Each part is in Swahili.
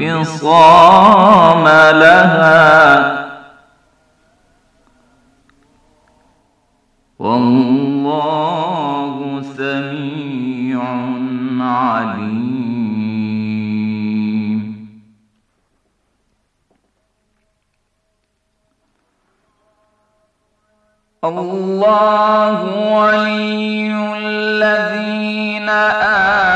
انفصام لها والله سميع عليم الله ولي الذين آمنوا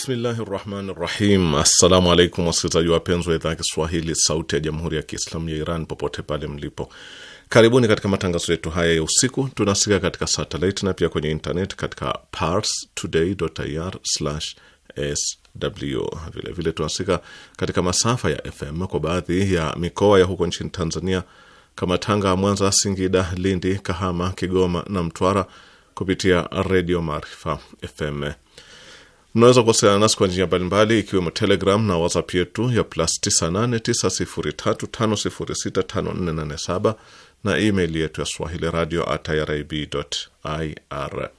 Bismillahi rahmani rahim. Assalamu alaikum wasikilizaji wapenzi wa idhaa ya Kiswahili sauti ya jamhuri ya Kiislamu ya Iran popote pale mlipo, karibuni katika matangazo yetu haya ya usiku. Tunasikika katika satellite na pia kwenye internet katika parstoday.ir/sw. Vilevile tunasikika katika masafa ya FM kwa baadhi ya mikoa ya huko nchini Tanzania kama Tanga, Mwanza, Singida, Lindi, Kahama, Kigoma na Mtwara kupitia Redio Maarifa FM. Mnaweza kuwasiliana nasi kwa njia mbalimbali ikiwemo Telegram na WhatsApp yetu ya plus 989035065487 na email yetu ya swahili radio at irib.ir.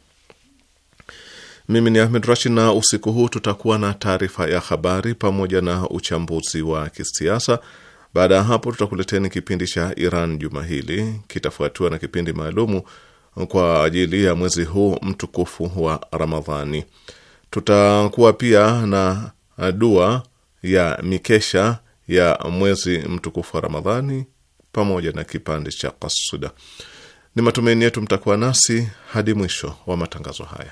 Mimi ni Ahmed Rashid, na usiku huu tutakuwa na taarifa ya habari pamoja na uchambuzi wa kisiasa. Baada ya hapo, tutakuleteni kipindi cha Iran juma hili, kitafuatiwa na kipindi maalumu kwa ajili ya mwezi huu mtukufu wa Ramadhani. Tutakuwa pia na uh, dua ya mikesha ya mwezi mtukufu wa Ramadhani pamoja na kipande cha kasuda. Ni matumaini yetu mtakuwa nasi hadi mwisho wa matangazo haya.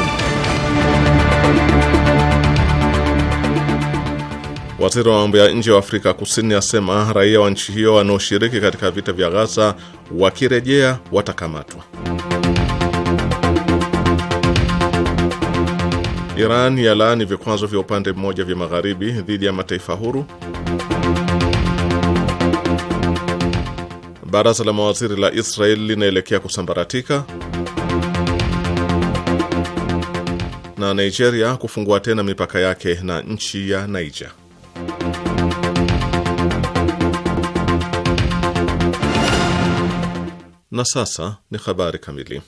Waziri wa mambo ya nje wa Afrika Kusini asema raia wa nchi hiyo wanaoshiriki katika vita vya Gaza wakirejea watakamatwa. Iran yalaani vikwazo vya upande mmoja vya magharibi dhidi ya mataifa huru. Baraza la mawaziri la Israel linaelekea kusambaratika. Na Nigeria kufungua tena mipaka yake na nchi ya Niger. Na sasa ni habari kamili.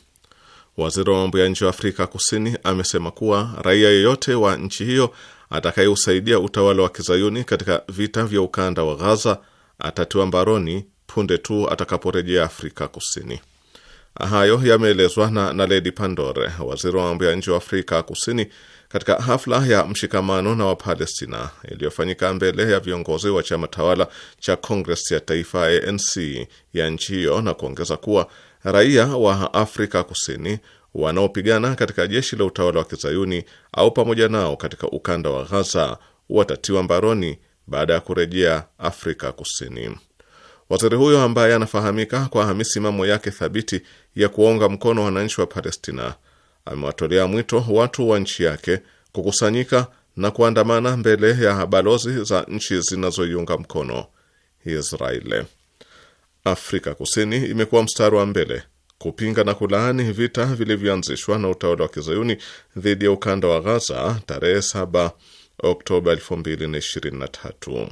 Waziri wa mambo ya nje wa Afrika Kusini amesema kuwa raia yeyote wa nchi hiyo atakayeusaidia utawala wa kizayuni katika vita vya ukanda wa Ghaza atatiwa mbaroni punde tu atakaporejea Afrika Kusini. Hayo yameelezwa na Naledi Pandor, waziri wa mambo ya nje wa Afrika Kusini, katika hafla ya mshikamano na Wapalestina iliyofanyika mbele ya viongozi wa chama tawala cha Kongres ya Taifa ANC ya nchi hiyo, na kuongeza kuwa raia wa Afrika Kusini wanaopigana katika jeshi la utawala wa kizayuni au pamoja nao katika ukanda wa Ghaza watatiwa mbaroni baada ya kurejea Afrika Kusini. Waziri huyo ambaye anafahamika kwa misimamo yake thabiti ya kuwaunga mkono wananchi wa Palestina amewatolea mwito watu wa nchi yake kukusanyika na kuandamana mbele ya balozi za nchi zinazoiunga mkono Israeli. Afrika Kusini imekuwa mstari wa mbele kupinga na kulaani vita vilivyoanzishwa na utawala wa kizayuni dhidi ya ukanda wa Gaza tarehe 7 Oktoba 2023.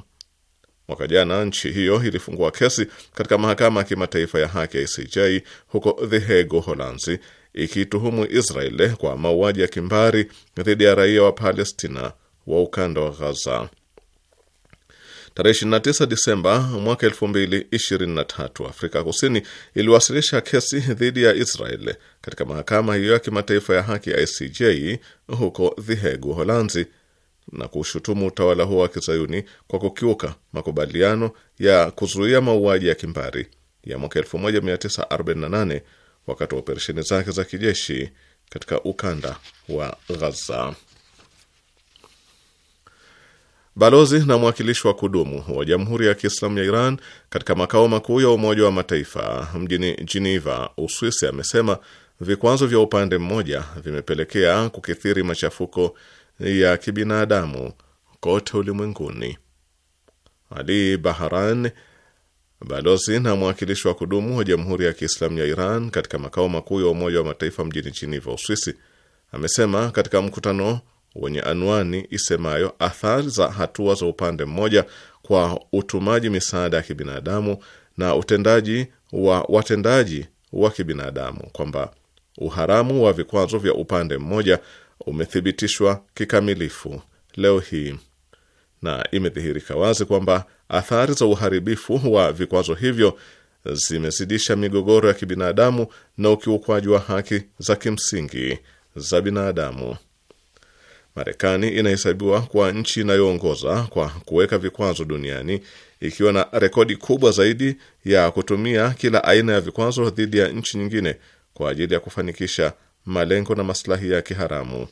Mwaka jana nchi hiyo ilifungua kesi katika mahakama ya kimataifa ya haki ya ICJ huko The Hague, Uholanzi ikiituhumu Israeli kwa mauaji ya kimbari dhidi ya raia wa Palestina wa ukanda wa Ghaza. Tarehe 29 Disemba mwaka 2023, Afrika Kusini iliwasilisha kesi dhidi ya Israel katika mahakama hiyo ya kimataifa ya haki ICJ huko The Hague, Holanzi, na kushutumu utawala huo wa kizayuni kwa kukiuka makubaliano ya kuzuia mauaji ya kimbari ya mwaka 1948 wakati wa operesheni zake za kijeshi katika ukanda wa Ghaza. Balozi na mwakilishi wa kudumu wa Jamhuri ya Kiislamu ya Iran katika makao makuu ya Umoja wa Mataifa mjini Geneva, Uswisi, amesema vikwazo vya upande mmoja vimepelekea kukithiri machafuko ya kibinadamu kote ulimwenguni. Ali Baharan Balozi na mwakilishi wa kudumu wa Jamhuri ya Kiislamu ya Iran katika makao makuu ya Umoja wa Mataifa mjini Geneva, Uswisi, amesema katika mkutano wenye anwani isemayo athari za hatua za upande mmoja kwa utumaji misaada ya kibinadamu na utendaji wa watendaji wa kibinadamu kwamba uharamu wa vikwazo vya upande mmoja umethibitishwa kikamilifu leo hii na imedhihirika wazi kwamba athari za uharibifu wa vikwazo hivyo zimezidisha migogoro ya kibinadamu na ukiukwaji wa haki za kimsingi za binadamu. Marekani inahesabiwa kuwa nchi inayoongoza kwa kuweka vikwazo duniani ikiwa na rekodi kubwa zaidi ya kutumia kila aina ya vikwazo dhidi ya nchi nyingine kwa ajili ya kufanikisha malengo na maslahi yake haramu.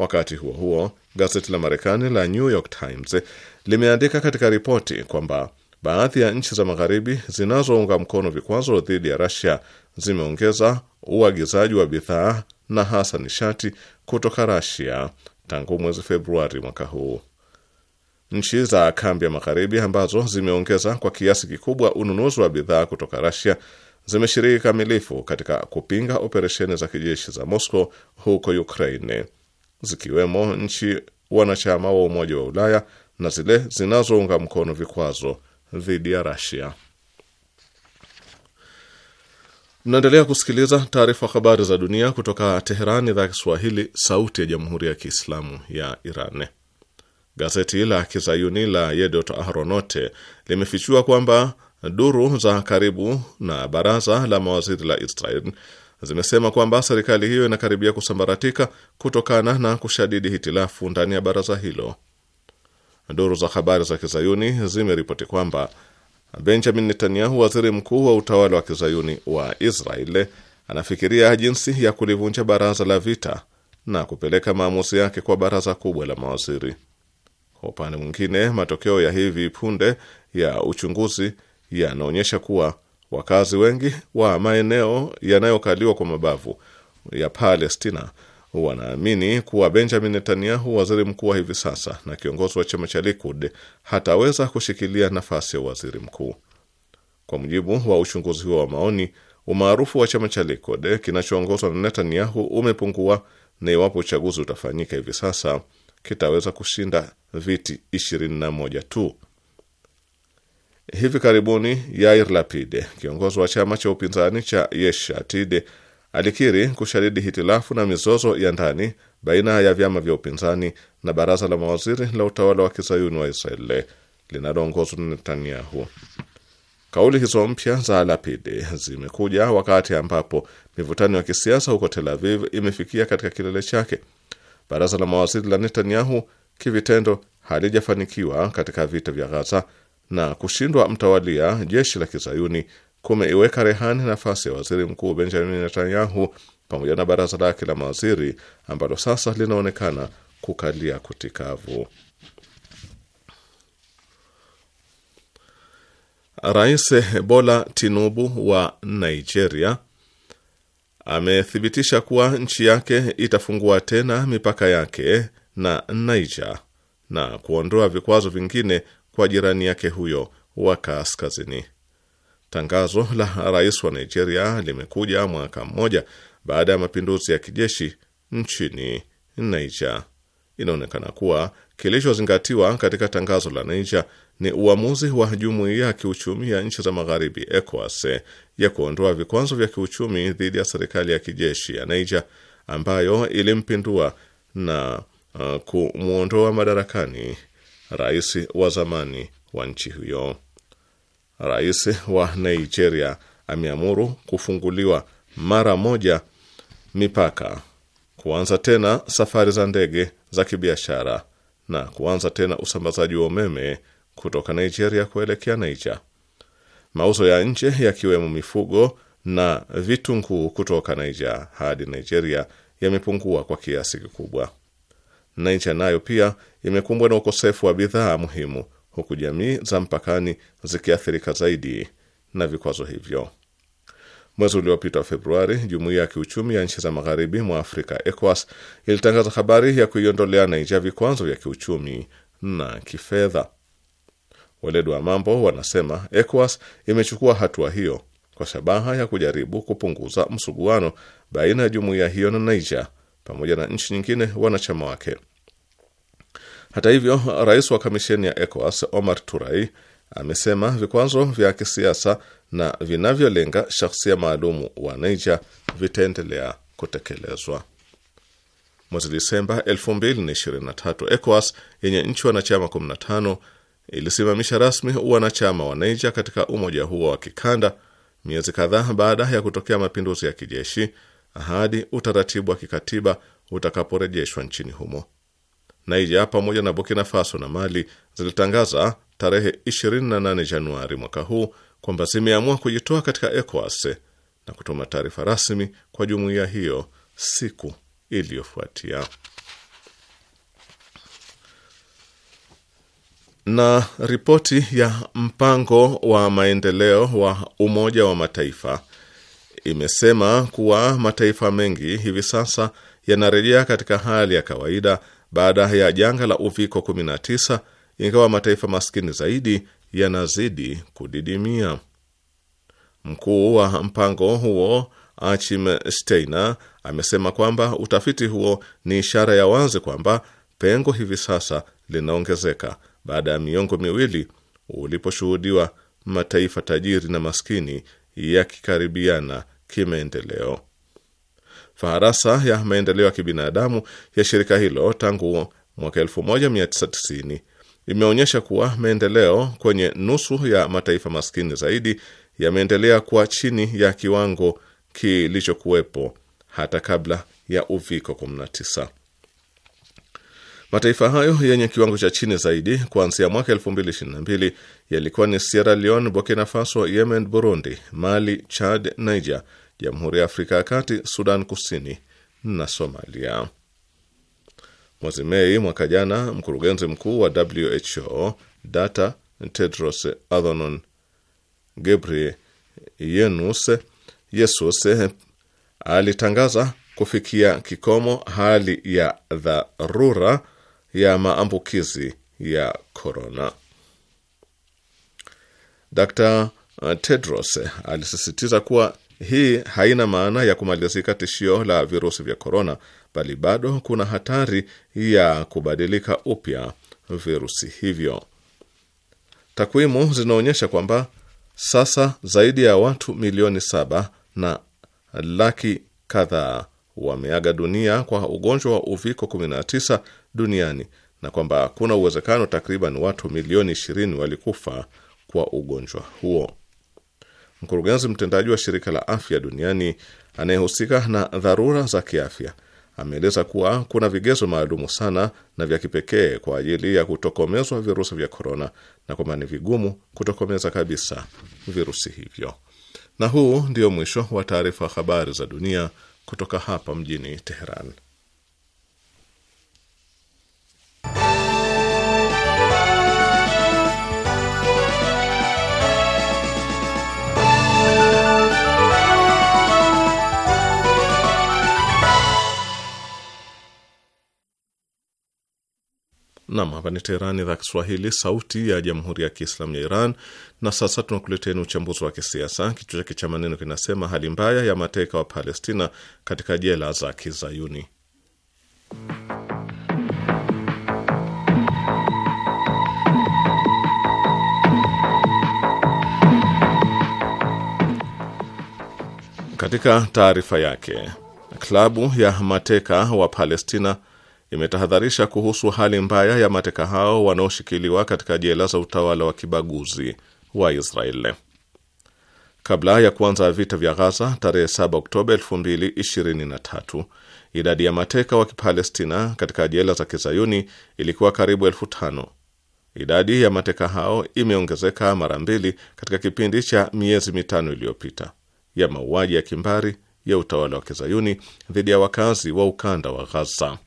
Wakati huo huo, gazeti la Marekani la New York Times limeandika katika ripoti kwamba baadhi ya nchi za magharibi zinazounga mkono vikwazo dhidi ya Russia zimeongeza uagizaji wa bidhaa na hasa nishati kutoka Russia tangu mwezi Februari mwaka huu. Nchi za kambi ya magharibi ambazo zimeongeza kwa kiasi kikubwa ununuzi wa bidhaa kutoka Russia zimeshiriki kamilifu katika kupinga operesheni za kijeshi za Moscow huko Ukraine zikiwemo nchi wanachama wa Umoja wa Ulaya na zile zinazounga mkono vikwazo dhidi ya Rasia. Mnaendelea kusikiliza taarifa habari za dunia kutoka Teheran, idhaa ya Kiswahili, sauti ya jamhuri ya kiislamu ya Iran. Gazeti la kizayuni la Yedot Ahronote limefichua kwamba duru za karibu na baraza la mawaziri la Israel zimesema kwamba serikali hiyo inakaribia kusambaratika kutokana na kushadidi hitilafu ndani ya baraza hilo. Duru za habari za kizayuni zimeripoti kwamba Benjamin Netanyahu, waziri mkuu wa utawala wa kizayuni wa Israel, anafikiria jinsi ya kulivunja baraza la vita na kupeleka maamuzi yake kwa baraza kubwa la mawaziri. Kwa upande mwingine, matokeo ya hivi punde ya uchunguzi yanaonyesha kuwa Wakazi wengi wa maeneo yanayokaliwa kwa mabavu ya Palestina wanaamini kuwa Benjamin Netanyahu, waziri mkuu wa hivi sasa na kiongozi wa chama cha Likud, hataweza kushikilia nafasi ya waziri mkuu. Kwa mujibu wa uchunguzi huo wa maoni, umaarufu wa chama cha Likud kinachoongozwa na Netanyahu umepungua, na iwapo uchaguzi utafanyika hivi sasa kitaweza kushinda viti 21 tu. Hivi karibuni Yair Lapid, kiongozi wa chama cha upinzani cha Yesh Atid, alikiri kushadidi hitilafu na mizozo ya ndani baina ya vyama vya upinzani na baraza la mawaziri la utawala wa kizayuni wa Israel linaloongozwa na Netanyahu. Kauli hizo mpya za lapid zimekuja wakati ambapo mivutano ya kisiasa huko Tel Aviv imefikia katika kilele chake. Baraza la mawaziri la Netanyahu kivitendo halijafanikiwa katika vita vya Ghaza na kushindwa mtawalia jeshi la kizayuni kumeiweka rehani nafasi ya waziri mkuu Benjamin Netanyahu pamoja na baraza lake la mawaziri ambalo sasa linaonekana kukalia kutikavu. Rais Bola Tinubu wa Nigeria amethibitisha kuwa nchi yake itafungua tena mipaka yake na Niger na kuondoa vikwazo vingine kwa jirani yake huyo wa kaskazini. Tangazo la rais wa Nigeria limekuja mwaka mmoja baada ya mapinduzi ya kijeshi nchini Niger. Inaonekana kuwa kilichozingatiwa katika tangazo la Niger ni uamuzi wa jumuiya ya kiuchumi ya nchi za magharibi ECOWAS ya kuondoa vikwazo vya kiuchumi dhidi ya serikali ya kijeshi ya Niger ambayo ilimpindua na uh, kumwondoa madarakani rais wa zamani wa nchi hiyo. Rais wa Nigeria ameamuru kufunguliwa mara moja mipaka, kuanza tena safari za ndege za kibiashara na kuanza tena usambazaji wa umeme kutoka Nigeria kuelekea Niger. Mauzo ya nje yakiwemo mifugo na vitunguu kutoka Niger hadi Nigeria yamepungua kwa kiasi kikubwa na nchi nayo pia imekumbwa na ukosefu wa bidhaa muhimu, huku jamii za mpakani zikiathirika zaidi na vikwazo hivyo. Mwezi uliopita Februari, jumuiya ya kiuchumi ya nchi za magharibi mwa Afrika ECOWAS ilitangaza habari ya kuiondolea Naija vikwazo vya kiuchumi na kifedha. Weledi wa mambo wanasema ECOWAS imechukua hatua hiyo kwa shabaha ya kujaribu kupunguza msuguano baina ya jumuiya hiyo na Naija pamoja na nchi nyingine wanachama wake hata hivyo, rais wa kamisheni ya ECOWAS Omar Turai amesema vikwazo vya kisiasa na vinavyolenga shahsia maalumu wa Niger vitaendelea kutekelezwa. Mwezi Disemba 2023 ECOWAS yenye nchi wanachama 15 ilisimamisha rasmi wanachama wa Niger katika umoja huo wa kikanda miezi kadhaa baada ya kutokea mapinduzi ya kijeshi hadi utaratibu wa kikatiba utakaporejeshwa nchini humo. Naija pamoja na Burkina Faso na Mali zilitangaza tarehe 28 Januari mwaka huu kwamba zimeamua kujitoa katika ECOWAS na kutuma taarifa rasmi kwa jumuiya hiyo siku iliyofuatia. Na ripoti ya mpango wa maendeleo wa Umoja wa Mataifa imesema kuwa mataifa mengi hivi sasa yanarejea katika hali ya kawaida baada ya janga la uviko 19, ingawa mataifa maskini zaidi yanazidi kudidimia. Mkuu wa mpango huo Achim Steiner amesema kwamba utafiti huo ni ishara ya wazi kwamba pengo hivi sasa linaongezeka baada ya miongo miwili uliposhuhudiwa mataifa tajiri na maskini yakikaribiana kimaendeleo faharasa ya maendeleo ya kibinadamu ya shirika hilo tangu mwaka 1990 imeonyesha kuwa maendeleo kwenye nusu ya mataifa maskini zaidi yameendelea kuwa chini ya kiwango kilichokuwepo hata kabla ya uviko 19. Mataifa hayo yenye kiwango cha chini zaidi kuanzia mwaka 2022 yalikuwa ni Sierra Leone, Burkina Faso, Yemen, Burundi, Mali, Chad, Niger, Jamhuri ya Afrika ya Kati, Sudan Kusini na Somalia. Mwezi Mei mwaka jana, mkurugenzi mkuu wa WHO data Tedros Adhanom Ghebreyesus Yesus alitangaza kufikia kikomo hali ya dharura ya maambukizi ya korona. Dr Tedros alisisitiza kuwa hii haina maana ya kumalizika tishio la virusi vya korona, bali bado kuna hatari ya kubadilika upya virusi hivyo. Takwimu zinaonyesha kwamba sasa zaidi ya watu milioni saba na laki kadhaa wameaga dunia kwa ugonjwa wa uviko 19 duniani na kwamba kuna uwezekano takriban watu milioni 20 walikufa kwa ugonjwa huo mkurugenzi mtendaji wa shirika la afya duniani anayehusika na dharura za kiafya ameeleza kuwa kuna vigezo maalumu sana na vya kipekee kwa ajili ya kutokomezwa virusi vya korona na kwamba ni vigumu kutokomeza kabisa virusi hivyo. Na huu ndio mwisho wa taarifa habari za dunia kutoka hapa mjini Teheran. Nam, hapa ni Teherani, idhaa Kiswahili, sauti ya jamhuri ya kiislamu ya Iran. Na sasa tunakuleteni uchambuzi wa kisiasa, kichwa chake cha maneno kinasema hali mbaya ya mateka wa Palestina katika jela za Kizayuni. Katika taarifa yake, klabu ya mateka wa Palestina imetahadharisha kuhusu hali mbaya ya mateka hao wanaoshikiliwa katika jela za utawala wa kibaguzi wa Israeli. Kabla ya kuanza vita vya Ghaza tarehe 7 Oktoba 2023, idadi ya mateka wa Kipalestina katika jela za kizayuni ilikuwa karibu elfu tano. Idadi ya mateka hao imeongezeka mara mbili katika kipindi cha miezi mitano iliyopita ya mauaji ya kimbari ya utawala wa kizayuni dhidi ya wakazi wa ukanda wa Ghaza.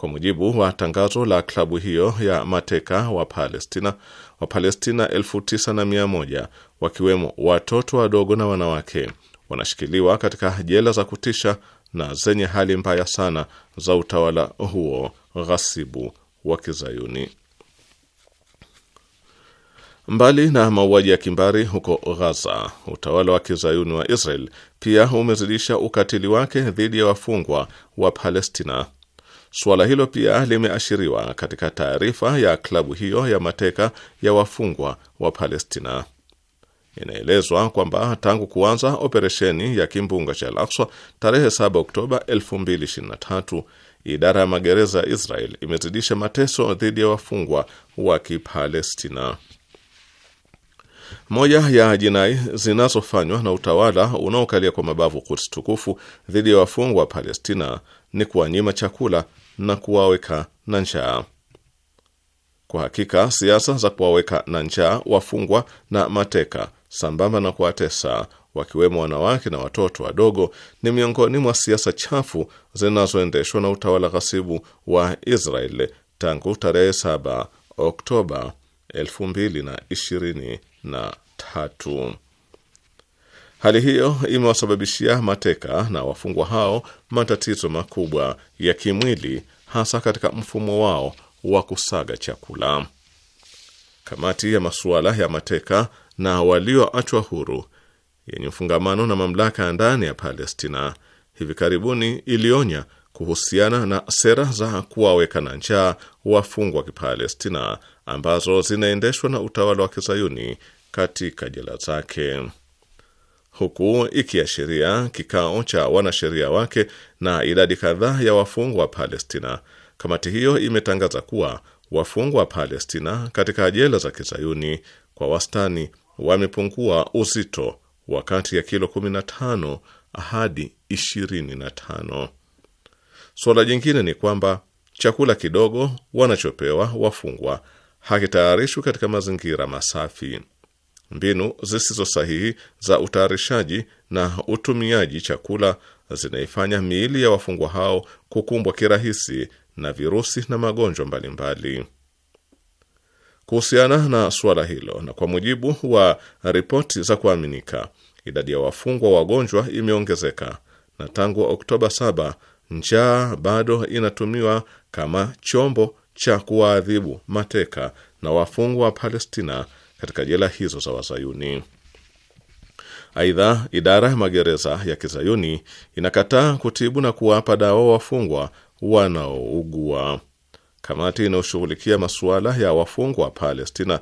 Kwa mujibu wa tangazo la klabu hiyo ya mateka wa Palestina, Wapalestina elfu tisa na mia moja wakiwemo watoto wadogo na wanawake wanashikiliwa katika jela za kutisha na zenye hali mbaya sana za utawala huo ghasibu wa Kizayuni. Mbali na mauaji ya kimbari huko Ghaza, utawala wa Kizayuni wa Israel pia umezidisha ukatili wake dhidi ya wafungwa wa Palestina. Suala hilo pia limeashiriwa katika taarifa ya klabu hiyo ya mateka ya wafungwa wa Palestina. Inaelezwa kwamba tangu kuanza operesheni ya kimbunga cha Al-Aqsa tarehe 7 Oktoba 2023 idara ya magereza ya Israel imezidisha mateso dhidi ya wafungwa wa Kipalestina. Moja ya jinai zinazofanywa na utawala unaokalia kwa mabavu Quds tukufu dhidi ya wafungwa wa Palestina ni kuwanyima chakula na kuwaweka na njaa. Kwa hakika siasa za kuwaweka na njaa wafungwa na mateka sambamba na kuwatesa wakiwemo wanawake na watoto wadogo ni miongoni mwa siasa chafu zinazoendeshwa na utawala ghasibu wa Israel tangu tarehe 7 Oktoba 2023. Hali hiyo imewasababishia mateka na wafungwa hao matatizo makubwa ya kimwili, hasa katika mfumo wao wa kusaga chakula. Kamati ya masuala ya mateka na walioachwa huru yenye mfungamano na mamlaka ya ndani ya Palestina hivi karibuni ilionya kuhusiana na sera za kuwaweka na njaa wafungwa wa Kipalestina ambazo zinaendeshwa na utawala wa kizayuni katika jela zake huku ikiashiria kikao cha wanasheria wake na idadi kadhaa ya wafungwa wa Palestina. Kamati hiyo imetangaza kuwa wafungwa wa Palestina katika jela za kizayuni kwa wastani wamepungua uzito wa kati ya kilo 15 hadi 25. Suala jingine ni kwamba chakula kidogo wanachopewa wafungwa hakitayarishwi katika mazingira masafi. Mbinu zisizo sahihi za utayarishaji na utumiaji chakula zinaifanya miili ya wafungwa hao kukumbwa kirahisi na virusi na magonjwa mbalimbali. Kuhusiana na suala hilo, na kwa mujibu wa ripoti za kuaminika, idadi ya wafungwa wagonjwa imeongezeka, na tangu Oktoba 7 njaa bado inatumiwa kama chombo cha kuwaadhibu mateka na wafungwa wa Palestina katika jela hizo za Wazayuni. Aidha, idara ya magereza ya kizayuni inakataa kutibu na kuwapa dawa wafungwa wanaougua. Kamati inayoshughulikia masuala ya wafungwa wa Palestina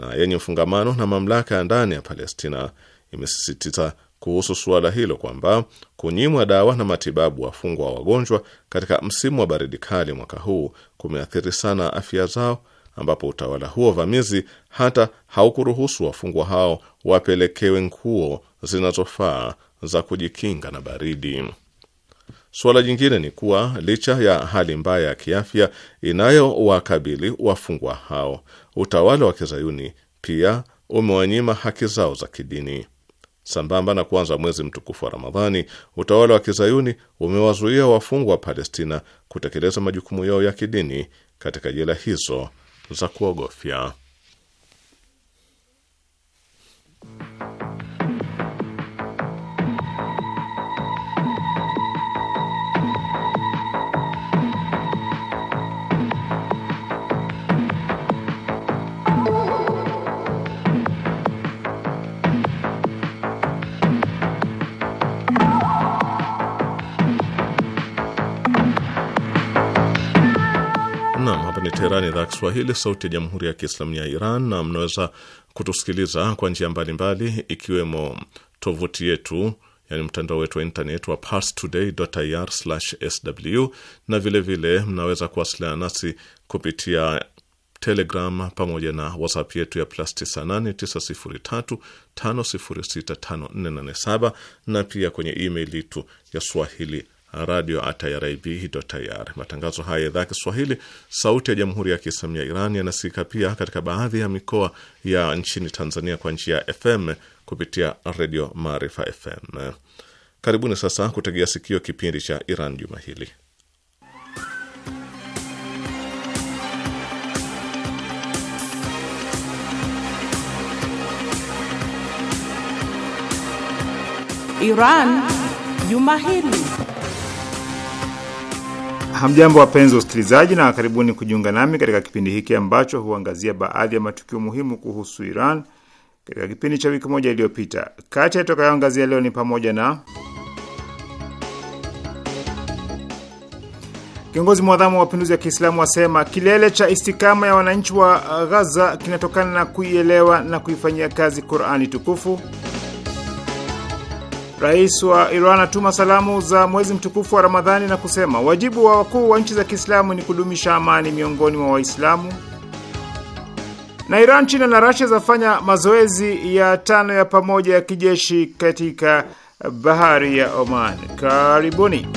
na yenye mfungamano na mamlaka ya ndani ya Palestina imesisitiza kuhusu suala hilo kwamba kunyimwa dawa na matibabu wafungwa wagonjwa katika msimu wa baridi kali mwaka huu kumeathiri sana afya zao ambapo utawala huo vamizi hata haukuruhusu wafungwa hao wapelekewe nguo zinazofaa za kujikinga na baridi. Suala jingine ni kuwa licha ya hali mbaya ya kiafya inayowakabili wafungwa hao, utawala wa kizayuni pia umewanyima haki zao za kidini. Sambamba na kuanza mwezi mtukufu wa Ramadhani, utawala wa kizayuni umewazuia wafungwa wa Palestina kutekeleza majukumu yao ya kidini katika jela hizo za kuogofya. Teherani, idhaa Kiswahili, sauti ya jamhuri ya kiislamu ya Iran, na mnaweza kutusikiliza kwa njia mbalimbali, ikiwemo tovuti yetu, yani mtandao wetu wa intaneti wa parstoday.ir/sw, na vilevile vile, mnaweza kuwasiliana nasi kupitia Telegram pamoja na WhatsApp yetu ya plus 989035065487 na pia kwenye email yetu ya swahili radio irib.ir. Matangazo haya ya idhaa ya Kiswahili sauti ya jamhuri ya kiislamu ya Iran yanasikika pia katika baadhi ya mikoa ya nchini Tanzania kwa njia ya FM kupitia redio Maarifa FM. Karibuni sasa kutegea sikio kipindi cha Iran juma hili. Iran juma hili. Hamjambo, wapenzi wa usikilizaji, na karibuni kujiunga nami katika kipindi hiki ambacho huangazia baadhi ya matukio muhimu kuhusu Iran katika kipindi cha wiki moja iliyopita. Kati yatokayoangazia leo ni pamoja na Kiongozi mwadhamu wa mapinduzi ya Kiislamu wasema kilele cha istikama ya wananchi wa Ghaza kinatokana na kuielewa na kuifanyia kazi Qurani tukufu. Rais wa Iran atuma salamu za mwezi mtukufu wa Ramadhani na kusema wajibu wa wakuu wa nchi za Kiislamu ni kudumisha amani miongoni mwa Waislamu. Na Iran, China na Rasia zafanya mazoezi ya tano ya pamoja ya kijeshi katika bahari ya Oman. Karibuni.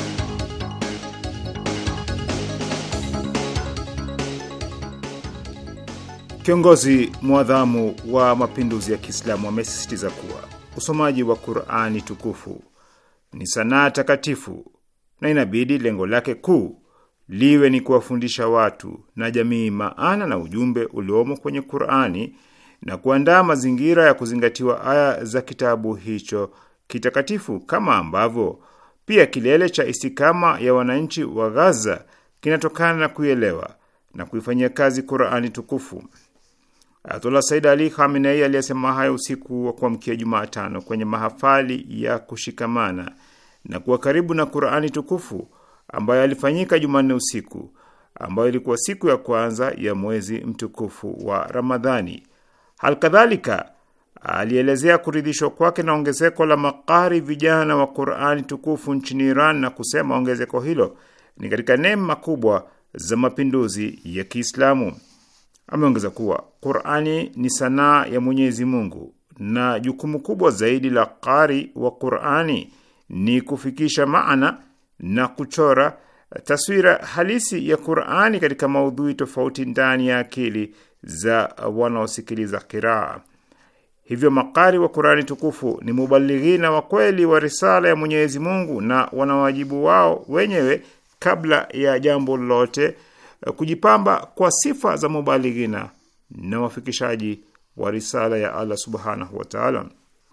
Kiongozi mwadhamu wa mapinduzi ya Kiislamu amesisitiza kuwa usomaji wa Qurani tukufu ni sanaa takatifu na inabidi lengo lake kuu liwe ni kuwafundisha watu na jamii maana na ujumbe uliomo kwenye Qurani na kuandaa mazingira ya kuzingatiwa aya za kitabu hicho kitakatifu, kama ambavyo pia kilele cha istikama ya wananchi wa Gaza kinatokana na kuielewa na kuifanyia kazi Qurani tukufu. Ayatollah Said Ali Khamenei aliyesema hayo usiku wa kuamkia Jumatano kwenye mahafali ya kushikamana na kuwa karibu na Qurani tukufu ambayo alifanyika Jumanne usiku ambayo ilikuwa siku ya kwanza ya mwezi mtukufu wa Ramadhani. Halkadhalika alielezea kuridhishwa kwake na ongezeko la makari vijana wa Qurani tukufu nchini Iran na kusema ongezeko hilo ni katika neema kubwa za mapinduzi ya Kiislamu. Ameongeza kuwa Qurani ni sanaa ya Mwenyezi Mungu na jukumu kubwa zaidi la qari wa Qurani ni kufikisha maana na kuchora taswira halisi ya Qurani katika maudhui tofauti ndani ya akili za wanaosikiliza kiraa. Hivyo makari wa Qurani tukufu ni mubalighina wa kweli wa risala ya Mwenyezi Mungu na wanawajibu wao wenyewe kabla ya jambo lolote kujipamba kwa sifa za mubalighina na wafikishaji wa risala ya Allah subhanahu wataala.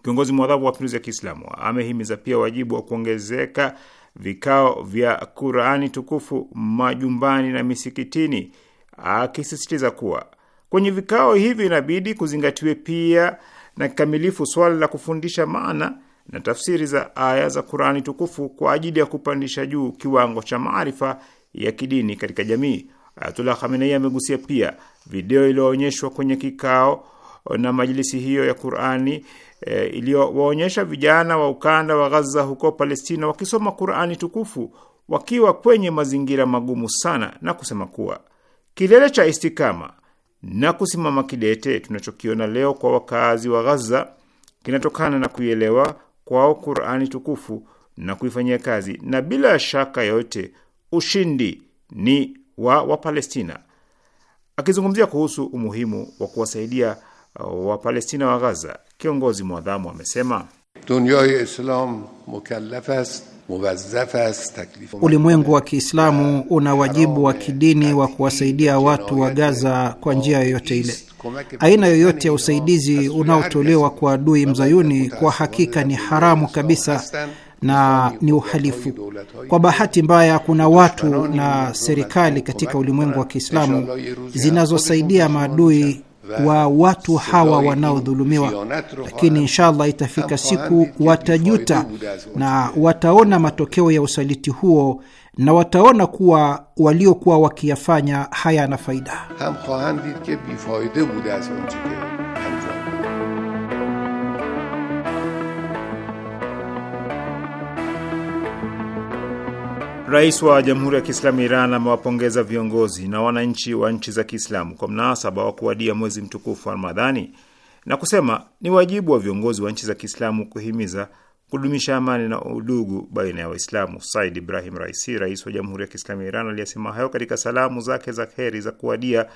Kiongozi mwadhabu wa mapinduzi ya Kiislamu amehimiza pia wajibu wa kuongezeka vikao vya Qurani tukufu majumbani na misikitini, akisisitiza kuwa kwenye vikao hivi inabidi kuzingatiwe pia na kikamilifu swala la kufundisha maana na tafsiri za aya za Qurani tukufu kwa ajili ya kupandisha juu kiwango cha maarifa ya kidini katika jamii. Ayatullah Khamenei amegusia pia video iliyoonyeshwa kwenye kikao na majilisi hiyo ya Qurani e, iliyowaonyesha vijana wa ukanda wa Ghaza huko Palestina wakisoma Qurani tukufu wakiwa kwenye mazingira magumu sana, na kusema kuwa kilele cha istikama na kusimama kidete tunachokiona leo kwa wakazi wa Ghaza kinatokana na kuielewa kwao Qurani tukufu na kuifanyia kazi, na bila shaka yote ushindi ni wa Wapalestina. Akizungumzia kuhusu umuhimu wa kuwasaidia uh, Wapalestina wa Gaza, kiongozi mwadhamu amesema ulimwengu wa Kiislamu una wajibu wa kidini wa kuwasaidia watu wa Gaza kwa njia yoyote ile. Aina yoyote ya usaidizi unaotolewa kwa adui mzayuni kwa hakika ni haramu kabisa na ni uhalifu. Kwa bahati mbaya, kuna watu na serikali katika ulimwengu wa Kiislamu zinazosaidia maadui wa watu hawa wanaodhulumiwa, lakini inshallah itafika siku watajuta na wataona matokeo ya usaliti huo na wataona kuwa waliokuwa wakiyafanya hayana faida. Rais wa Jamhuri ya Kiislamu ya Iran amewapongeza viongozi na wananchi wa nchi za Kiislamu kwa mnasaba wa kuwadia mwezi mtukufu wa Ramadhani na kusema ni wajibu wa viongozi wa nchi za Kiislamu kuhimiza kudumisha amani na udugu baina ya Waislamu. Said Ibrahim Raisi, rais wa Jamhuri ya Kiislamu ya Iran, aliyesema hayo katika salamu zake za heri za kuwadia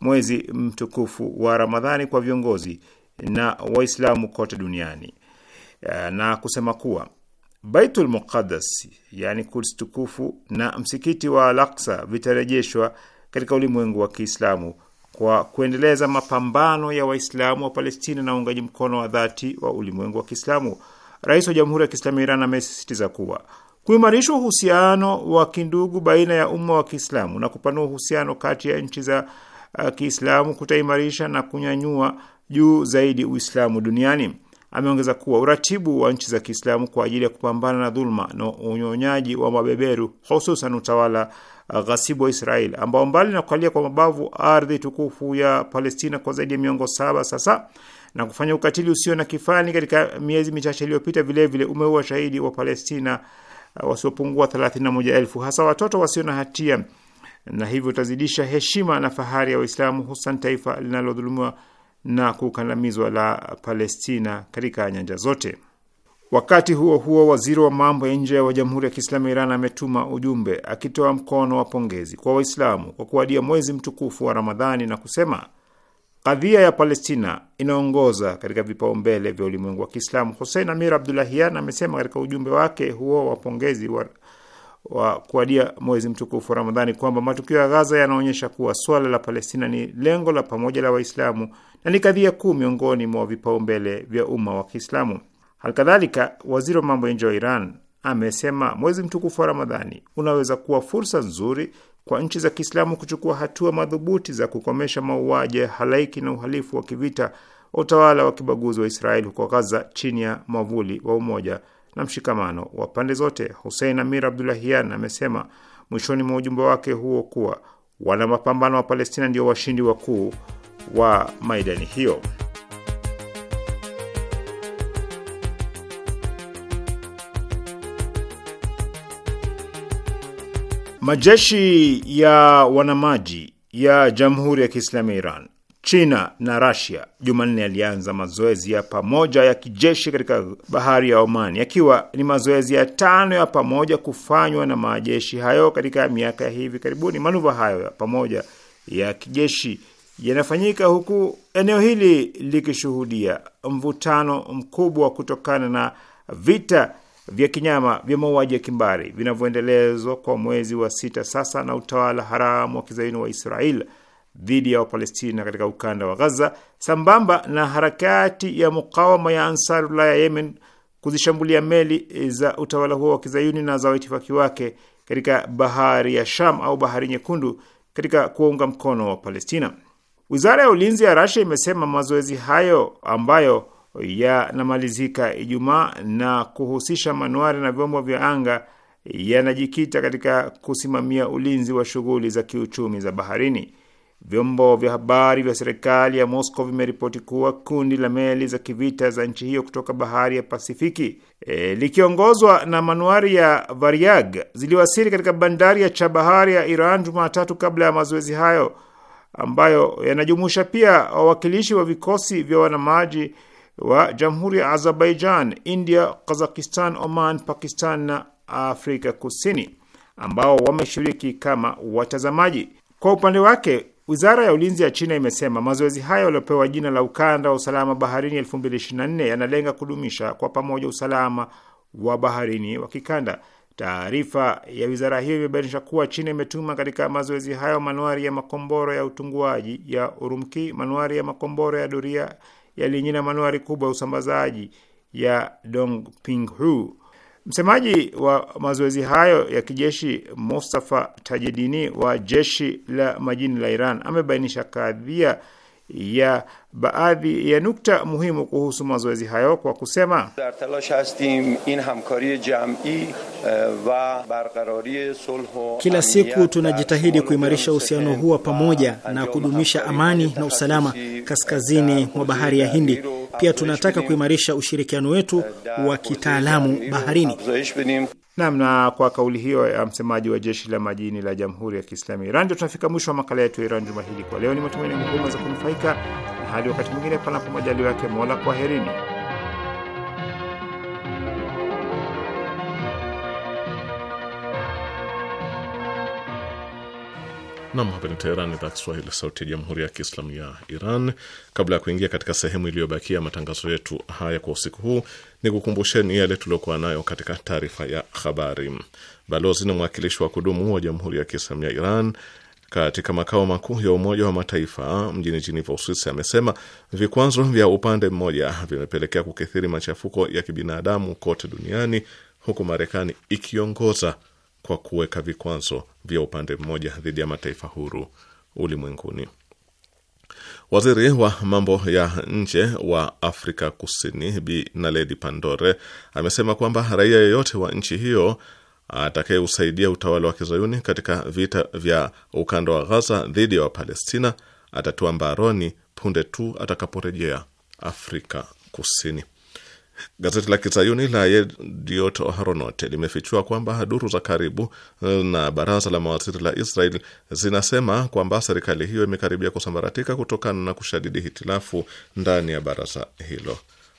mwezi mtukufu wa Ramadhani kwa viongozi na Waislamu kote duniani eh, na kusema kuwa Baitul Muqaddas yani Quds tukufu na msikiti wa Al-Aqsa vitarejeshwa katika ulimwengu wa Kiislamu kwa kuendeleza mapambano ya Waislamu wa Palestina na uungaji mkono wa dhati wa ulimwengu wa Kiislamu. Rais wa Jamhuri ya Kiislamu Iran amesisitiza kuwa kuimarishwa uhusiano wa kindugu baina ya umma wa Kiislamu na kupanua uhusiano kati ya nchi za uh, Kiislamu kutaimarisha na kunyanyua juu zaidi Uislamu duniani ameongeza kuwa uratibu wa nchi za Kiislamu kwa ajili ya kupambana na dhuluma na unyonyaji wa mabeberu, hususan utawala uh, ghasibu wa Israel ambao mbali na kukalia kwa mabavu ardhi tukufu ya Palestina kwa zaidi ya miongo saba sasa na kufanya ukatili usio na kifani katika miezi michache iliyopita, vilevile umeua shahidi wa Palestina uh, wasiopungua 31,000 hasa watoto wasio na hatia, na hivyo utazidisha heshima na fahari ya Waislamu, hususan taifa linalodhulumiwa na kukandamizwa la Palestina katika nyanja zote. Wakati huo huo, waziri wa mambo ya nje wa Jamhuri ya Kiislamu ya Iran ametuma ujumbe akitoa mkono wa pongezi kwa Waislamu kwa kuadia mwezi mtukufu wa Ramadhani na kusema kadhia ya Palestina inaongoza katika vipaumbele vya ulimwengu wa Kiislamu. Hussein Amir Abdulahian amesema katika ujumbe wake huo wa pongezi wa wa kuadia mwezi mtukufu wa Ramadhani kwamba matukio ya Gaza yanaonyesha kuwa swala la Palestina ni lengo la pamoja la Waislamu na ni kadhia kuu miongoni mwa vipaumbele vya umma wa Kiislamu. Halikadhalika, waziri wa mambo ya nje wa Iran amesema mwezi mtukufu wa Ramadhani unaweza kuwa fursa nzuri kwa nchi za Kiislamu kuchukua hatua madhubuti za kukomesha mauaji halaiki na uhalifu wa kivita wa utawala wa kibaguzi wa Israeli huko Gaza chini ya mwavuli wa umoja na mshikamano wa pande zote. Hussein Amir Abdulahian amesema mwishoni mwa ujumbe wake huo kuwa wana mapambano wa Palestina ndio washindi wakuu wa maidani hiyo. Majeshi ya wanamaji ya Jamhuri ya Kiislamu ya Iran China na Rasia Jumanne alianza mazoezi ya pamoja ya kijeshi katika bahari ya Oman, yakiwa ni mazoezi ya tano ya pamoja kufanywa na majeshi hayo katika miaka ya hivi karibuni. Manuva hayo ya pamoja ya kijeshi yanafanyika huku eneo hili likishuhudia mvutano mkubwa kutokana na vita vya kinyama vya mauaji ya kimbari vinavyoendelezwa kwa mwezi wa sita sasa na utawala haramu wa kizayuni wa Israeli dhidi ya Wapalestina katika ukanda wa Ghaza, sambamba na harakati ya mukawama ya Ansarullah ya Yemen kuzishambulia meli za utawala huo wa kizayuni na za waitifaki wake katika bahari ya Sham au bahari Nyekundu katika kuwaunga mkono wa Palestina. Wizara ya ulinzi ya Rasia imesema mazoezi hayo ambayo yanamalizika Ijumaa na kuhusisha manuari na vyombo vya anga yanajikita katika kusimamia ulinzi wa shughuli za kiuchumi za baharini. Vyombo vya habari vya serikali ya Moscow vimeripoti kuwa kundi la meli za kivita za nchi hiyo kutoka bahari ya Pasifiki e, likiongozwa na manuari ya Varyag ziliwasili katika bandari ya Chabahar ya Iran Jumatatu kabla ya mazoezi hayo ambayo yanajumuisha pia wawakilishi wa vikosi vya wanamaji wa Jamhuri ya Azerbaijan, India, Kazakistan, Oman, Pakistan na Afrika Kusini ambao wameshiriki kama watazamaji. Kwa upande wake Wizara ya ulinzi ya China imesema mazoezi hayo yaliyopewa jina la ukanda wa usalama baharini 2024 yanalenga kudumisha kwa pamoja usalama wa baharini wa kikanda. Taarifa ya wizara hiyo imebainisha kuwa China imetuma katika mazoezi hayo manuari ya makombora ya utunguaji ya Urumki, manuari ya makombora ya doria ya Linyi na manuari kubwa ya usambazaji ya Dongpinghu. Msemaji wa mazoezi hayo ya kijeshi Mustafa Tajedini wa jeshi la majini la Iran amebainisha kadhia ya baadhi ya nukta muhimu kuhusu mazoezi hayo kwa kusema, kila siku tunajitahidi kuimarisha uhusiano huu wa pamoja na kudumisha amani na usalama kaskazini mwa bahari ya Hindi. Pia tunataka kuimarisha ushirikiano wetu wa kitaalamu baharini. nam na kwa kauli hiyo ya msemaji wa jeshi la majini la Jamhuri ya Kiislamu Iran, ndio tunafika mwisho wa makala yetu ya Iran juma hili. Kwa leo ni matumaini mkubwa za kunufaika hadi wakati mwingine, panapo majaliwa yake Mola, kwaherini. Nam, hapa ni Teherani, idhaa Kiswahili, sauti ya jamhuri ya kiislamu ya Iran. Kabla ya kuingia katika sehemu iliyobakia matangazo yetu haya kwa usiku huu, ni kukumbusheni yale tuliokuwa nayo katika taarifa ya habari. Balozi na mwakilishi wa kudumu wa jamhuri ya kiislamu ya Iran katika makao makuu ya Umoja wa Mataifa mjini Jiniva, Uswisi, amesema vikwazo vya upande mmoja vimepelekea kukithiri machafuko ya kibinadamu kote duniani huku Marekani ikiongoza kwa kuweka vikwazo vya upande mmoja dhidi ya mataifa huru ulimwenguni. Waziri wa mambo ya nje wa Afrika Kusini Bi Naledi Pandore amesema kwamba raia yeyote wa nchi hiyo atakayeusaidia utawala wa kizayuni katika vita vya ukanda wa Ghaza dhidi ya Wapalestina atatiwa mbaroni punde tu atakaporejea Afrika Kusini. Gazeti la kizayuni la Yediot Aharonot limefichua kwamba duru za karibu eh, na baraza la mawaziri la Israel zinasema kwamba serikali hiyo imekaribia kusambaratika kutokana na kushadidi hitilafu ndani ya baraza hilo.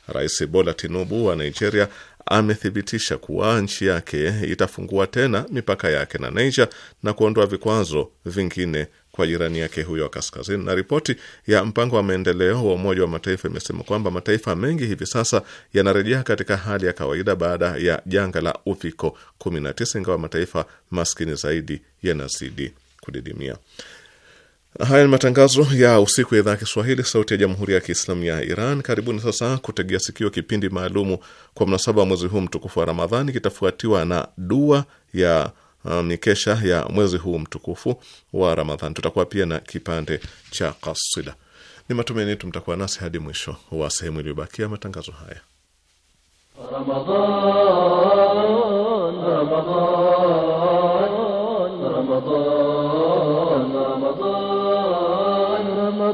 Rais Bola Tinubu wa Nigeria amethibitisha kuwa nchi yake itafungua tena mipaka yake na Niger na kuondoa vikwazo vingine kwa jirani yake huyo wa kaskazini. Na ripoti ya mpango wa maendeleo wa Umoja wa Mataifa imesema kwamba mataifa mengi hivi sasa yanarejea katika hali ya kawaida baada ya janga la uviko 19, ingawa mataifa maskini zaidi yanazidi kudidimia. Haya ni matangazo ya usiku ya idhaa ya Kiswahili, sauti ya jamhuri ya kiislamu ya Iran. Karibuni sasa kutegea sikio kipindi maalumu kwa mnasaba wa mwezi huu mtukufu wa Ramadhani, kitafuatiwa na dua ya um, mikesha um, ya mwezi huu mtukufu wa Ramadhani. Tutakuwa pia na kipande cha kasida. Ni matumaini yetu mtakuwa nasi hadi mwisho wa sehemu iliyobakia matangazo haya. Ramadan, Ramadan.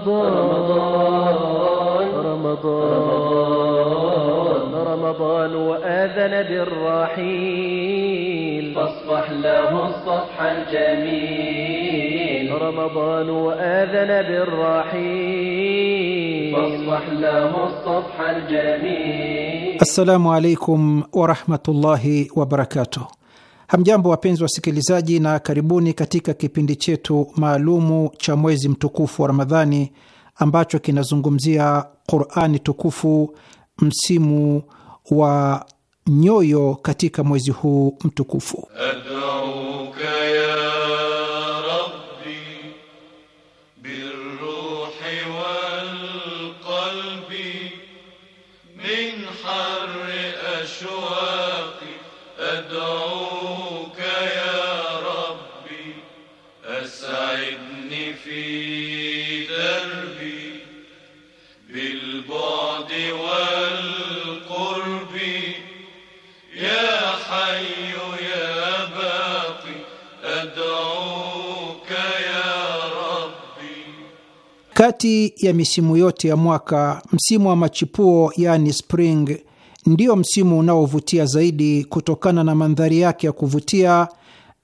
رمضان رمضان رمضان وآذن بالرحيل فاصفح له الصفح الجميل رمضان وآذن بالرحيل فاصفح له الصفح الجميل السلام عليكم ورحمة الله وبركاته Hamjambo, wapenzi wasikilizaji, na karibuni katika kipindi chetu maalumu cha mwezi mtukufu wa Ramadhani ambacho kinazungumzia Qurani tukufu, msimu wa nyoyo katika mwezi huu mtukufu Adawu. Kati ya misimu yote ya mwaka, msimu wa machipuo yani spring ndio msimu unaovutia zaidi kutokana na mandhari yake ya kuvutia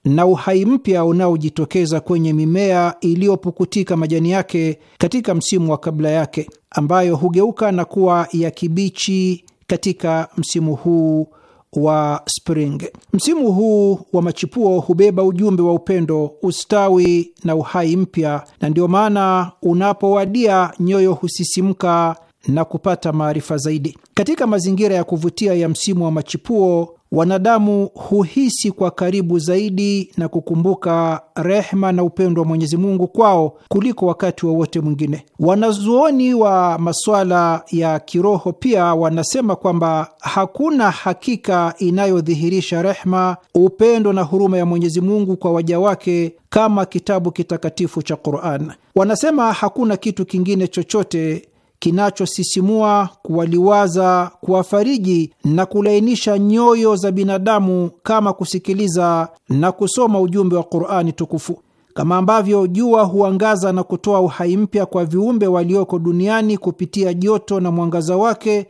na uhai mpya unaojitokeza kwenye mimea iliyopukutika majani yake katika msimu wa kabla yake, ambayo hugeuka na kuwa ya kibichi katika msimu huu wa spring. Msimu huu wa machipuo hubeba ujumbe wa upendo, ustawi na uhai mpya, na ndio maana unapowadia nyoyo husisimka na kupata maarifa zaidi. Katika mazingira ya kuvutia ya msimu wa machipuo, wanadamu huhisi kwa karibu zaidi na kukumbuka rehma na upendo wa Mwenyezi Mungu kwao kuliko wakati wowote wa mwingine. Wanazuoni wa masuala ya kiroho pia wanasema kwamba hakuna hakika inayodhihirisha rehma, upendo na huruma ya Mwenyezi Mungu kwa waja wake kama kitabu kitakatifu cha Quran. Wanasema hakuna kitu kingine chochote kinachosisimua, kuwaliwaza, kuwafariji na kulainisha nyoyo za binadamu kama kusikiliza na kusoma ujumbe wa Qur'ani tukufu. Kama ambavyo jua huangaza na kutoa uhai mpya kwa viumbe walioko duniani kupitia joto na mwangaza wake,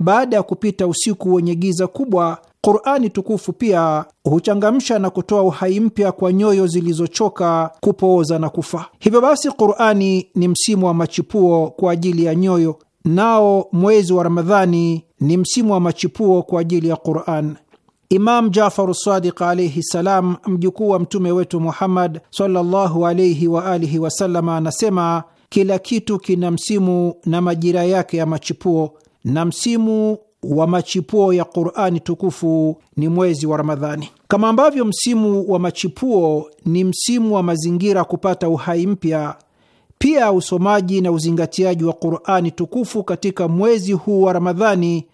baada ya kupita usiku wenye giza kubwa. Qurani tukufu pia huchangamsha na kutoa uhai mpya kwa nyoyo zilizochoka kupooza na kufa. Hivyo basi, Qurani ni msimu wa machipuo kwa ajili ya nyoyo, nao mwezi wa Ramadhani ni msimu wa machipuo kwa ajili ya Quran. Imam Jafaru Sadiq alaihi salam mjukuu wa mtume wetu Muhammad sallallahu alaihi alihi wasalama, anasema kila kitu kina msimu na majira yake ya machipuo na msimu wa machipuo ya Qurani tukufu ni mwezi wa Ramadhani. Kama ambavyo msimu wa machipuo ni msimu wa mazingira kupata uhai mpya, pia usomaji na uzingatiaji wa Qurani tukufu katika mwezi huu wa Ramadhani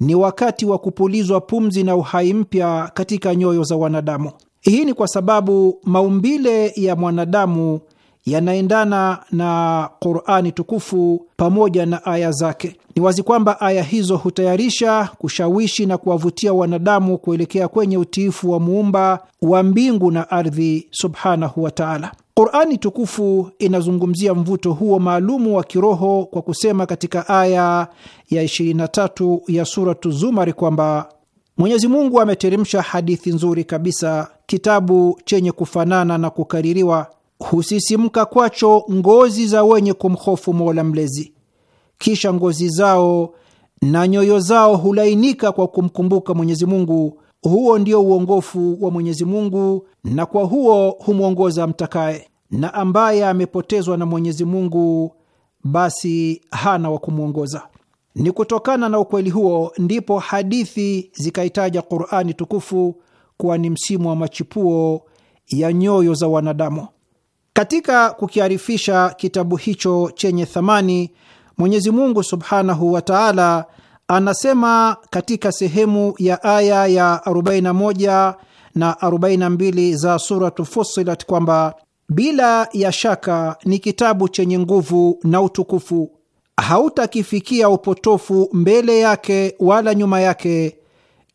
ni wakati wa kupulizwa pumzi na uhai mpya katika nyoyo za wanadamu. Hii ni kwa sababu maumbile ya mwanadamu yanaendana na Qurani tukufu pamoja na aya zake. Ni wazi kwamba aya hizo hutayarisha, kushawishi na kuwavutia wanadamu kuelekea kwenye utiifu wa muumba wa mbingu na ardhi subhanahu wa taala. Qurani tukufu inazungumzia mvuto huo maalumu wa kiroho kwa kusema katika aya ya 23 ya Suratu Zumari kwamba Mwenyezi Mungu ameteremsha hadithi nzuri kabisa, kitabu chenye kufanana na kukaririwa husisimka kwacho ngozi za wenye kumhofu Mola Mlezi, kisha ngozi zao na nyoyo zao hulainika kwa kumkumbuka Mwenyezi Mungu. Huo ndio uongofu wa Mwenyezi Mungu, na kwa huo humwongoza mtakaye, na ambaye amepotezwa na Mwenyezi Mungu basi hana wa kumwongoza. Ni kutokana na ukweli huo ndipo hadithi zikaitaja Qur'ani tukufu kuwa ni msimu wa machipuo ya nyoyo za wanadamu. Katika kukiarifisha kitabu hicho chenye thamani, Mwenyezi Mungu subhanahu wa taala anasema katika sehemu ya aya ya 41 na 42 za Suratu Fusilat kwamba bila ya shaka ni kitabu chenye nguvu na utukufu, hautakifikia upotofu mbele yake wala nyuma yake,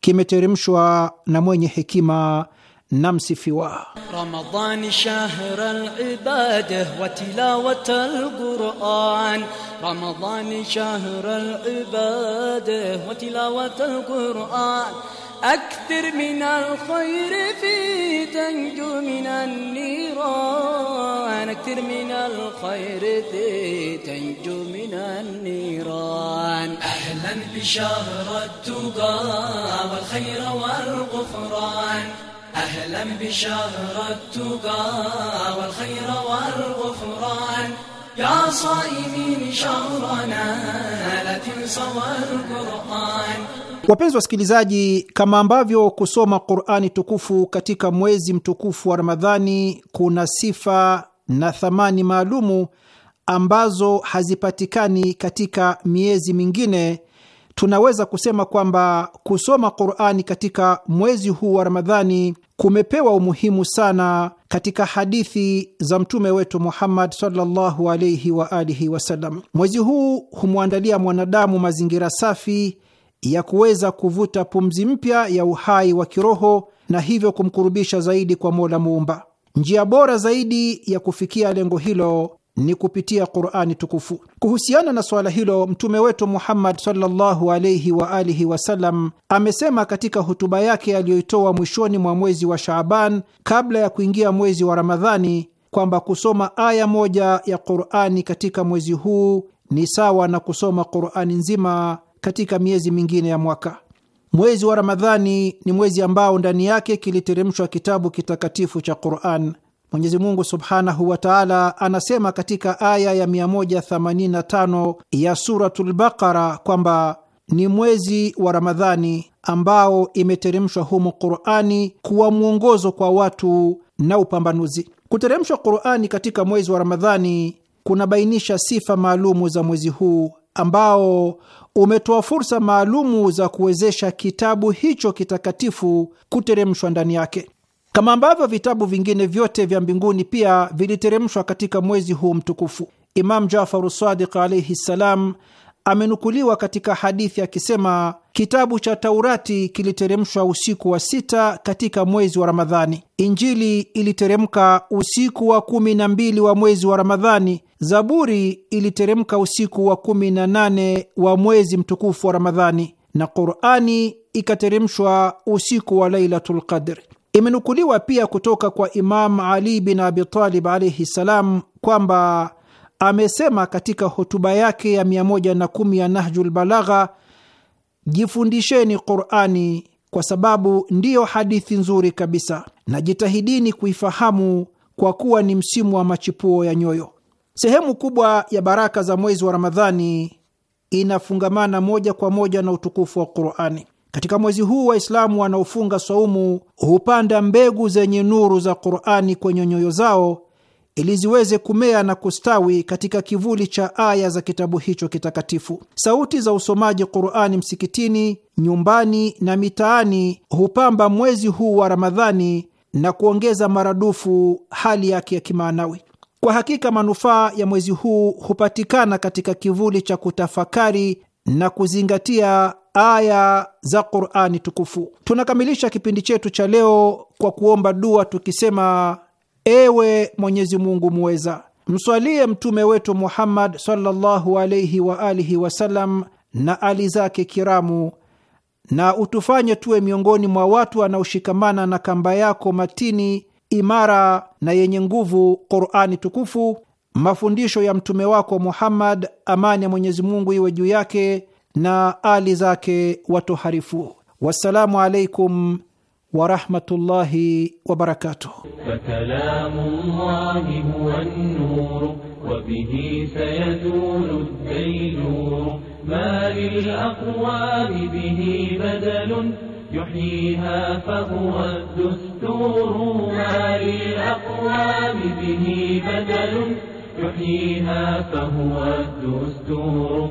kimeteremshwa na mwenye hekima نمسي فواه رمضان شهر العبادة وتلاوة القرآن رمضان شهر العبادة وتلاوة القرآن أكثر من الخير فيه تنجو من النيران أكثر من الخير فيه تنجو من النيران أهلا بشهر التقى والخير والغفران اهلا بشهر التقى والخير والغفران يا صائمين شهرنا لا تنسوا القران Wapenzi wasikilizaji, kama ambavyo kusoma Qur'ani tukufu katika mwezi mtukufu wa Ramadhani kuna sifa na thamani maalumu ambazo hazipatikani katika miezi mingine tunaweza kusema kwamba kusoma Qurani katika mwezi huu wa Ramadhani kumepewa umuhimu sana katika hadithi za mtume wetu Muhammad sallallahu alaihi wa alihi wasallam. Mwezi huu humwandalia mwanadamu mazingira safi ya kuweza kuvuta pumzi mpya ya uhai wa kiroho na hivyo kumkurubisha zaidi kwa Mola Muumba. Njia bora zaidi ya kufikia lengo hilo ni kupitia Qurani tukufu. Kuhusiana na suala hilo, mtume wetu Muhammad sallallahu alaihi wa alihi wasallam amesema katika hutuba yake aliyoitoa mwishoni mwa mwezi wa Shaaban kabla ya kuingia mwezi wa Ramadhani kwamba kusoma aya moja ya Qurani katika mwezi huu ni sawa na kusoma Qurani nzima katika miezi mingine ya mwaka. Mwezi wa Ramadhani ni mwezi ambao ndani yake kiliteremshwa kitabu kitakatifu cha Quran. Mwenyezi Mungu subhanahu wa taala anasema katika aya ya 185 ya Suratul Baqara kwamba ni mwezi wa Ramadhani ambao imeteremshwa humo Qurani kuwa mwongozo kwa watu na upambanuzi. Kuteremshwa Qurani katika mwezi wa Ramadhani kunabainisha sifa maalumu za mwezi huu ambao umetoa fursa maalumu za kuwezesha kitabu hicho kitakatifu kuteremshwa ndani yake kama ambavyo vitabu vingine vyote vya mbinguni pia viliteremshwa katika mwezi huu mtukufu. Imam Jafaru Sadiq alaihi ssalam amenukuliwa katika hadithi akisema, kitabu cha Taurati kiliteremshwa usiku wa sita katika mwezi wa Ramadhani. Injili iliteremka usiku wa kumi na mbili wa mwezi wa Ramadhani. Zaburi iliteremka usiku wa kumi na nane wa mwezi mtukufu wa Ramadhani, na Qurani ikateremshwa usiku wa Lailatul Qadri. Imenukuliwa pia kutoka kwa Imam Ali bin Abi Talib alaihi ssalam kwamba amesema katika hotuba yake ya 110 ya Nahjul Balagha, jifundisheni Qurani kwa sababu ndiyo hadithi nzuri kabisa, na jitahidini kuifahamu kwa kuwa ni msimu wa machipuo ya nyoyo. Sehemu kubwa ya baraka za mwezi wa Ramadhani inafungamana moja kwa moja na utukufu wa Qurani. Katika mwezi huu Waislamu wanaofunga swaumu hupanda mbegu zenye nuru za Qur'ani kwenye nyoyo zao ili ziweze kumea na kustawi katika kivuli cha aya za kitabu hicho kitakatifu. Sauti za usomaji Qur'ani msikitini, nyumbani na mitaani hupamba mwezi huu wa Ramadhani na kuongeza maradufu hali yake ya kimaanawi. Kwa hakika manufaa ya mwezi huu hupatikana katika kivuli cha kutafakari na kuzingatia aya za Qurani tukufu. Tunakamilisha kipindi chetu cha leo kwa kuomba dua tukisema: ewe Mwenyezi Mungu muweza, mswalie mtume wetu Muhammad sallallahu alaihi wa alihi wasallam na ali zake kiramu na utufanye tuwe miongoni mwa watu wanaoshikamana na kamba yako matini imara na yenye nguvu Qurani tukufu, mafundisho ya mtume wako Muhammad, amani ya Mwenyezi Mungu iwe juu yake na ali zake watoharifu. Wassalamu alaikum warahmatullahi wabarakatuh. يحييها فهو الدستور ما للأقوام به بدل يحييها فهو الدستور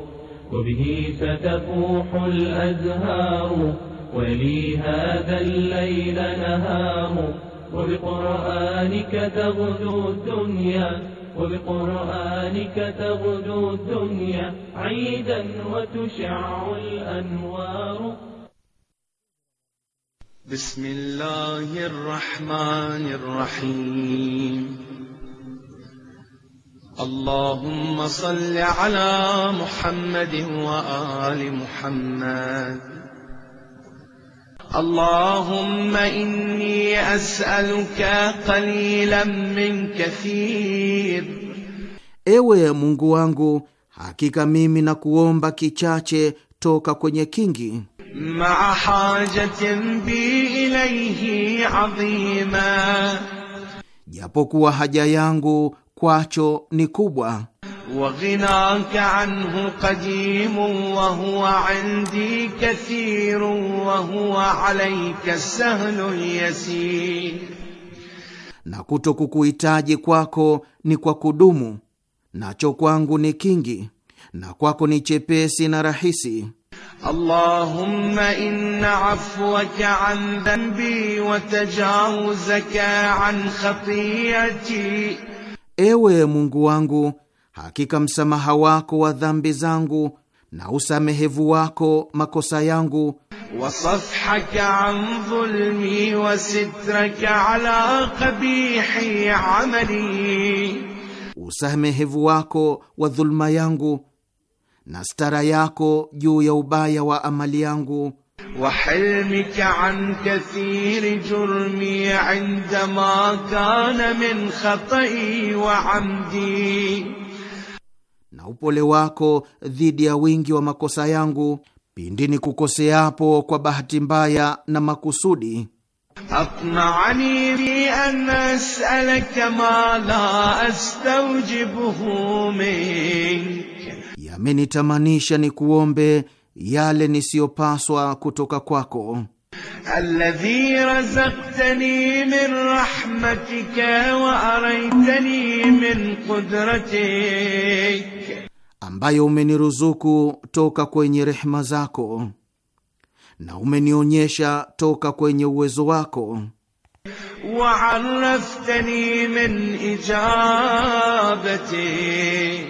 وبه ستفوح الأزهار ولي هذا الليل نهار وبقرآنك تغدو الدنيا وبقرآنك تغدو الدنيا عيدا وتشع الأنوار بسم الله الرحمن الرحيم اللهم صل على محمد وآل محمد اللهم إني أسألك قليلا من كثير Ewe Mungu wangu, hakika mimi na kuomba kichache toka kwenye kingi. maa hajatin bi ilaihi adhima, japokuwa haja yangu kwacho ni kubwa. na kuto kukuhitaji kwako ni kwa kudumu, nacho kwangu ni kingi na kwako ni chepesi na rahisi. Allahumma inna afwaka an dhanbi wa tajawuzaka an khatiyati Ewe Mungu wangu, hakika msamaha wako wa dhambi zangu na usamehevu wako makosa yangu, wasafhaka an dhulmi ala qabihi amali, usamehevu wako wa dhulma yangu na stara yako juu ya ubaya wa amali yangu وحلمك عن كثير جرمي عندما كان من خطئي وعمدي na upole wako dhidi ya wingi wa makosa yangu pindi ni kukoseapo kwa bahati mbaya na makusudi. اقنعني an asalaka ma la أستوجبه منك, yamenitamanisha ni kuombe yale nisiyopaswa kutoka kwako. Alladhi razaktani min rahmatika wa araytani min qudratik, ambayo umeniruzuku toka kwenye rehema zako na umenionyesha toka kwenye uwezo wako. Wa araftani min ijabatik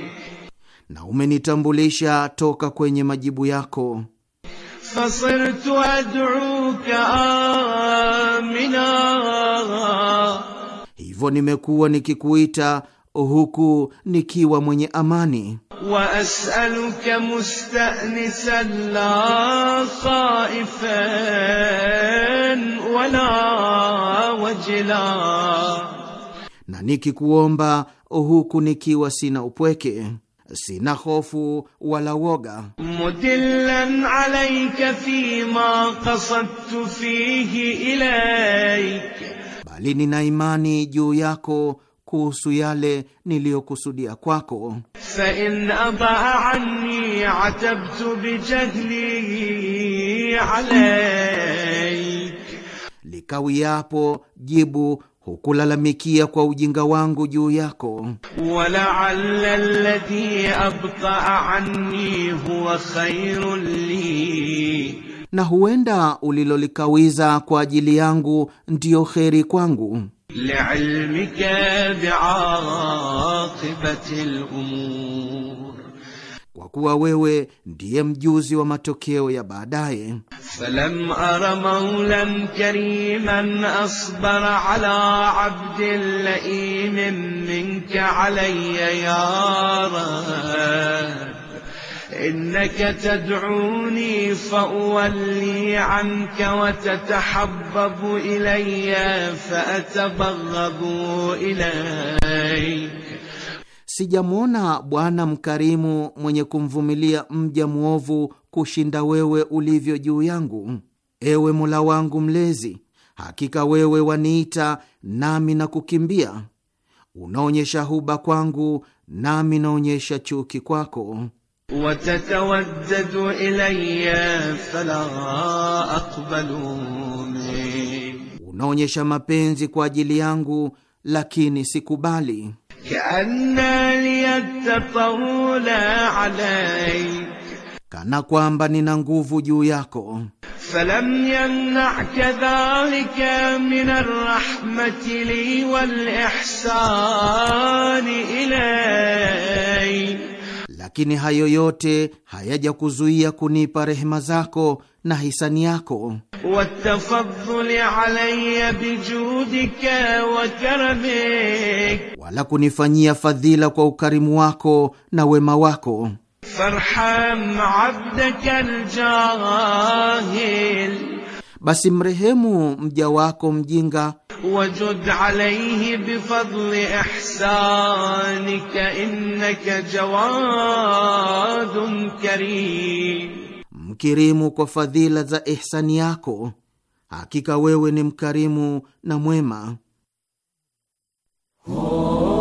na umenitambulisha toka kwenye majibu yako. fasirtu aduka amina, hivyo nimekuwa nikikuita huku nikiwa mwenye amani. wa asaluka mustanisan la khaifan wala wajla, na nikikuomba huku nikiwa sina upweke sina hofu wala woga. mudillan alayka ma qasadtu fihi ilayk, bali nina imani juu yako kuhusu yale niliyokusudia kwako. fa in ataa anni atabtu bijahlihi alayk, likawiapo jibu hukulalamikia kwa ujinga wangu juu yako. walaala alladhi anni huwa khairun li, na huenda ulilolikawiza kwa ajili yangu ndiyo kheri kwangu. liilmika biaqibati lumur kuwa wewe ndiye mjuzi wa matokeo ya baadaye. falam ara maulan kariman asbara ala abdin laimin minka alaya ya rab إنك تدعوني فأولي عنك وتتحبب إلي فأتبغض إليك sijamwona bwana mkarimu mwenye kumvumilia mja mwovu kushinda wewe ulivyo juu yangu. Ewe Mola wangu Mlezi, hakika wewe waniita nami na kukimbia, unaonyesha huba kwangu nami naonyesha chuki kwako. fala unaonyesha mapenzi kwa ajili yangu, lakini sikubali kana kwamba nina nguvu juu yako. falam yamnaka dhalika min arrahmati li wal ihsani lakini hayo yote hayaja kuzuia kunipa rehema zako na hisani yako wala kunifanyia fadhila kwa ukarimu wako na wema wako Farham abdaka aljahil basi mrehemu mja wako mjinga. wajud alayhi bifadli ihsanika innaka jawadun karim, mkirimu kwa fadhila za ihsani yako, hakika wewe ni mkarimu na mwema. oh.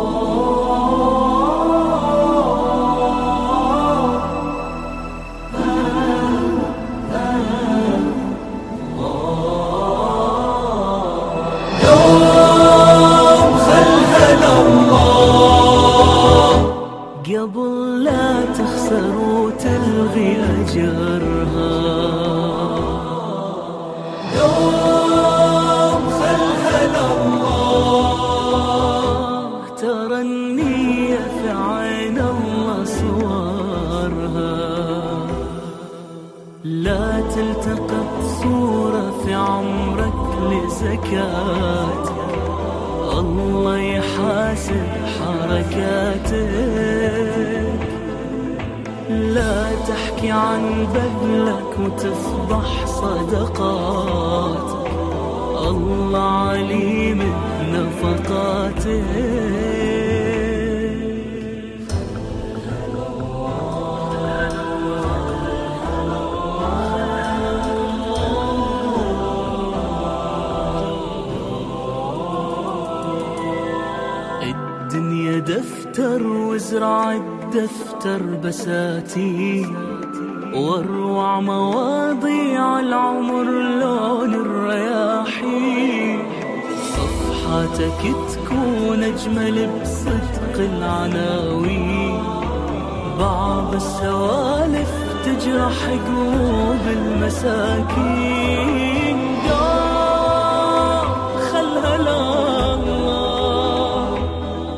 وتفضح صدقاتك الله عليم نفقاتك الدنيا دفتر وزرع الدفتر بساتين ور مواضيع العمر لون الرياحي صفحاتك تكون أجمل بصدق العناوين بعض السوالف تجرح قلوب المساكين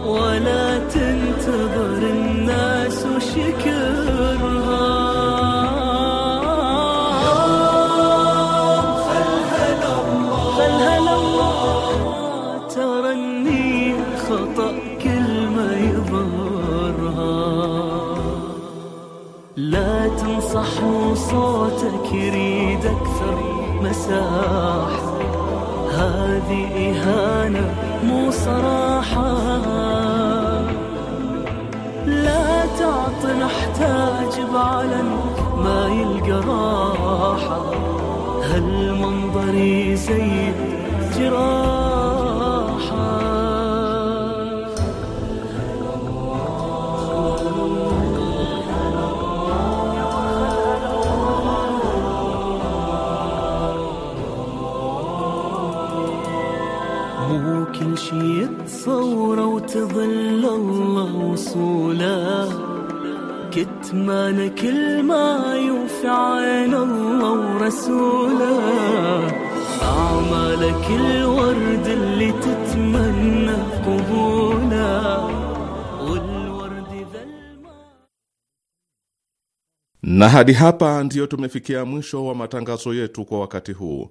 ولا تنتظر الناس وشكرها وصوتك صوتك يريد أكثر مساحة هذه إهانة مو صراحة لا تعطي نحتاج بعلن ما يلقى راحة هالمنظر يزيد جراحة تظل الله وصولا كتمان كل ما يوفي عين الله ورسولا أعمالك الورد اللي تتمنى قبوله na hadi hapa ndiyo tumefikia mwisho wa matangazo yetu kwa wakati huu